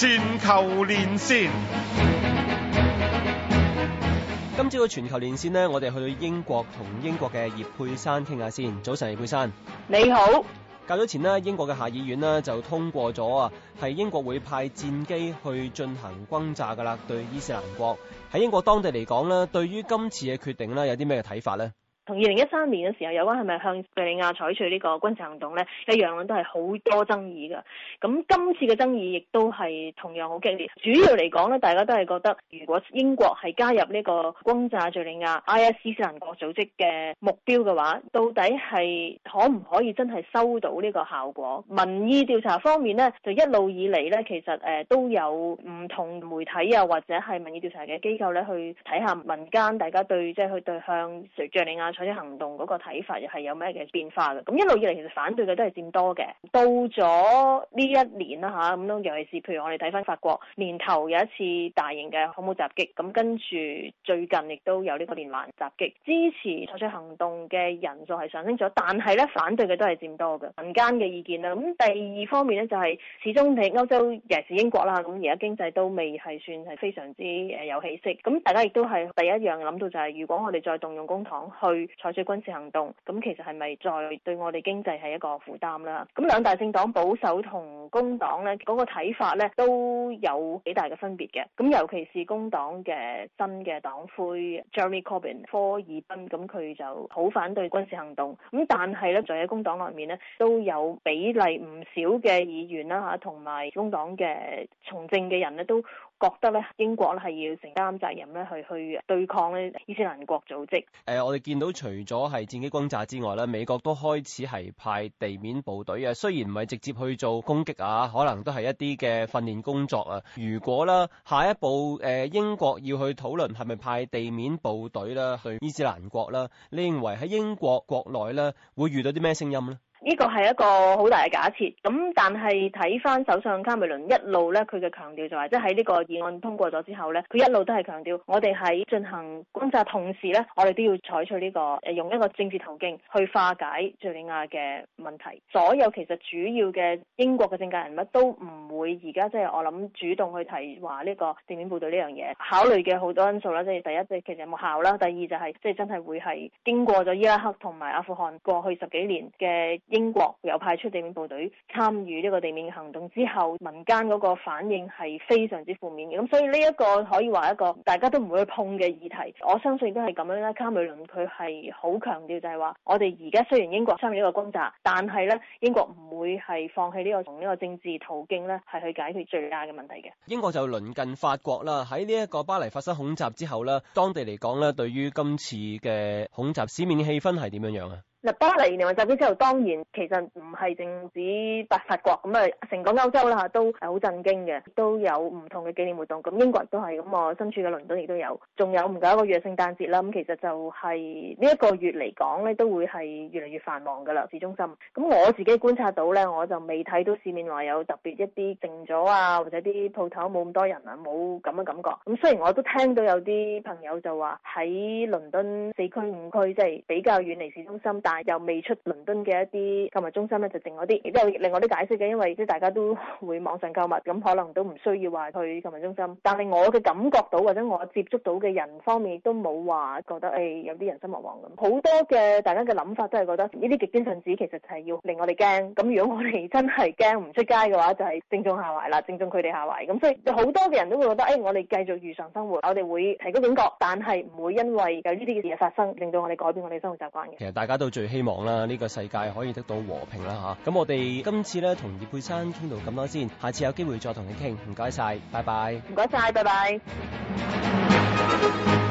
全球連線。今朝嘅全球連線呢，我哋去到英國同英國嘅葉佩珊傾下先。早晨，葉佩珊。你好。較早前呢，英國嘅下議院呢就通過咗啊，係英國會派戰機去進行轟炸噶啦，對伊斯蘭國。喺英國當地嚟講呢，對於今次嘅決定呢，有啲咩嘅睇法呢？同二零一三年嘅時候有關係咪向敍利亞採取呢個軍事行動咧，一樣，都係好多爭議嘅。咁今次嘅爭議亦都係同樣好激烈。主要嚟講咧，大家都係覺得，如果英國係加入呢個轟炸敘利亞伊斯蘭國組織嘅目標嘅話，到底係可唔可以真係收到呢個效果？民意調查方面呢，就一路以嚟呢，其實誒都有唔同媒體啊，或者係民意調查嘅機構呢，去睇下民間大家對即係、就是、去對向敘敘利亞採取行動嗰個睇法又係有咩嘅變化嘅？咁一路以嚟其實反對嘅都係佔多嘅。到咗呢一年啦，吓，咁樣尤其是譬如我哋睇翻法國，年頭有一次大型嘅恐怖襲擊，咁跟住最近亦都有呢個連環襲擊，支持採取行動嘅人數係上升咗，但係咧反對嘅都係佔多嘅。民間嘅意見啦，咁第二方面咧就係、是、始終你歐洲尤其是英國啦，咁而家經濟都未係算係非常之誒有起色。咁大家亦都係第一樣諗到就係、是、如果我哋再動用公帑去。採取軍事行動，咁其實係咪再對我哋經濟係一個負擔啦？咁兩大政黨保守同工黨咧，嗰、那個睇法咧都有幾大嘅分別嘅。咁尤其是工黨嘅新嘅黨魁 Jeremy Corbyn 科爾賓，咁佢就好反對軍事行動。咁但係咧，在喺工黨外面咧，都有比例唔少嘅議員啦，吓同埋工黨嘅從政嘅人咧，都。覺得咧，英國咧係要承擔責任咧，去去對抗咧伊斯蘭國組織。誒、呃，我哋見到除咗係戰機轟炸之外咧，美國都開始係派地面部隊啊。雖然唔係直接去做攻擊啊，可能都係一啲嘅訓練工作啊。如果咧下一步誒、呃、英國要去討論係咪派地面部隊啦去伊斯蘭國啦，你認為喺英國國內咧會遇到啲咩聲音咧？呢個係一個好大嘅假設，咁但係睇翻首相卡梅倫一路咧，佢嘅強調就係即係喺呢個議案通過咗之後咧，佢一路都係強調我哋喺進行觀察同時咧，我哋都要採取呢、呢個用一個政治途徑去化解敍利亞嘅問題。所有其實主要嘅英國嘅政界人物都唔會而家即係我諗主動去提話呢個地面部隊呢樣嘢，考慮嘅好多因素啦，即、就、係、是、第一即係、就是、其實有冇效啦，第二就係即係真係會係經過咗伊拉克同埋阿富汗過去十幾年嘅。英國又派出地面部隊參與呢個地面行動之後，民間嗰個反應係非常之負面嘅。咁所以呢一個可以話一個大家都唔會去碰嘅議題，我相信都係咁樣啦。卡梅倫佢係好強調就係話，我哋而家雖然英國參與呢個攻襲，但係咧英國唔會係放棄呢個從呢個政治途徑咧係去解決敍利亞嘅問題嘅。英國就鄰近法國啦，喺呢一個巴黎發生恐襲之後啦，當地嚟講咧，對於今次嘅恐襲市面氣氛係點樣樣啊？嗱，巴黎連環襲擊之後，當然其實唔係淨止白法國咁啊，成個歐洲啦都係好震驚嘅，都有唔同嘅紀念活動。咁英國亦都係，咁我身處嘅倫敦亦都有。仲有唔夠一個月聖誕節啦，咁其實就係呢一個月嚟講咧，都會係越嚟越繁忙㗎啦。市中心，咁我自己觀察到咧，我就未睇到市面話有特別一啲靜咗啊，或者啲鋪頭冇咁多人啊，冇咁嘅感覺。咁雖然我都聽到有啲朋友就話喺倫敦四區五區，即係比較遠離市中心，又未出倫敦嘅一啲購物中心咧，就剩我啲，亦都有另外啲解釋嘅，因為即係大家都會網上購物，咁可能都唔需要話去購物中心。但係我嘅感覺到或者我接觸到嘅人方面，都冇話覺得誒、哎、有啲人心惶惶咁。好多嘅大家嘅諗法都係覺得呢啲極端分子其實就係要令我哋驚。咁如果我哋真係驚唔出街嘅話，就係、是、正中下懷啦，正中佢哋下懷。咁所以好多嘅人都會覺得誒、哎，我哋繼續如常生活，我哋會提高警覺，但係唔會因為有呢啲嘅事發生，令到我哋改變我哋生活習慣嘅。其實大家都最希望啦，呢個世界可以得到和平啦吓，咁我哋今次咧同葉佩珊傾到咁多先，下次有機會再同你傾。唔該晒，拜拜。唔該晒，拜拜。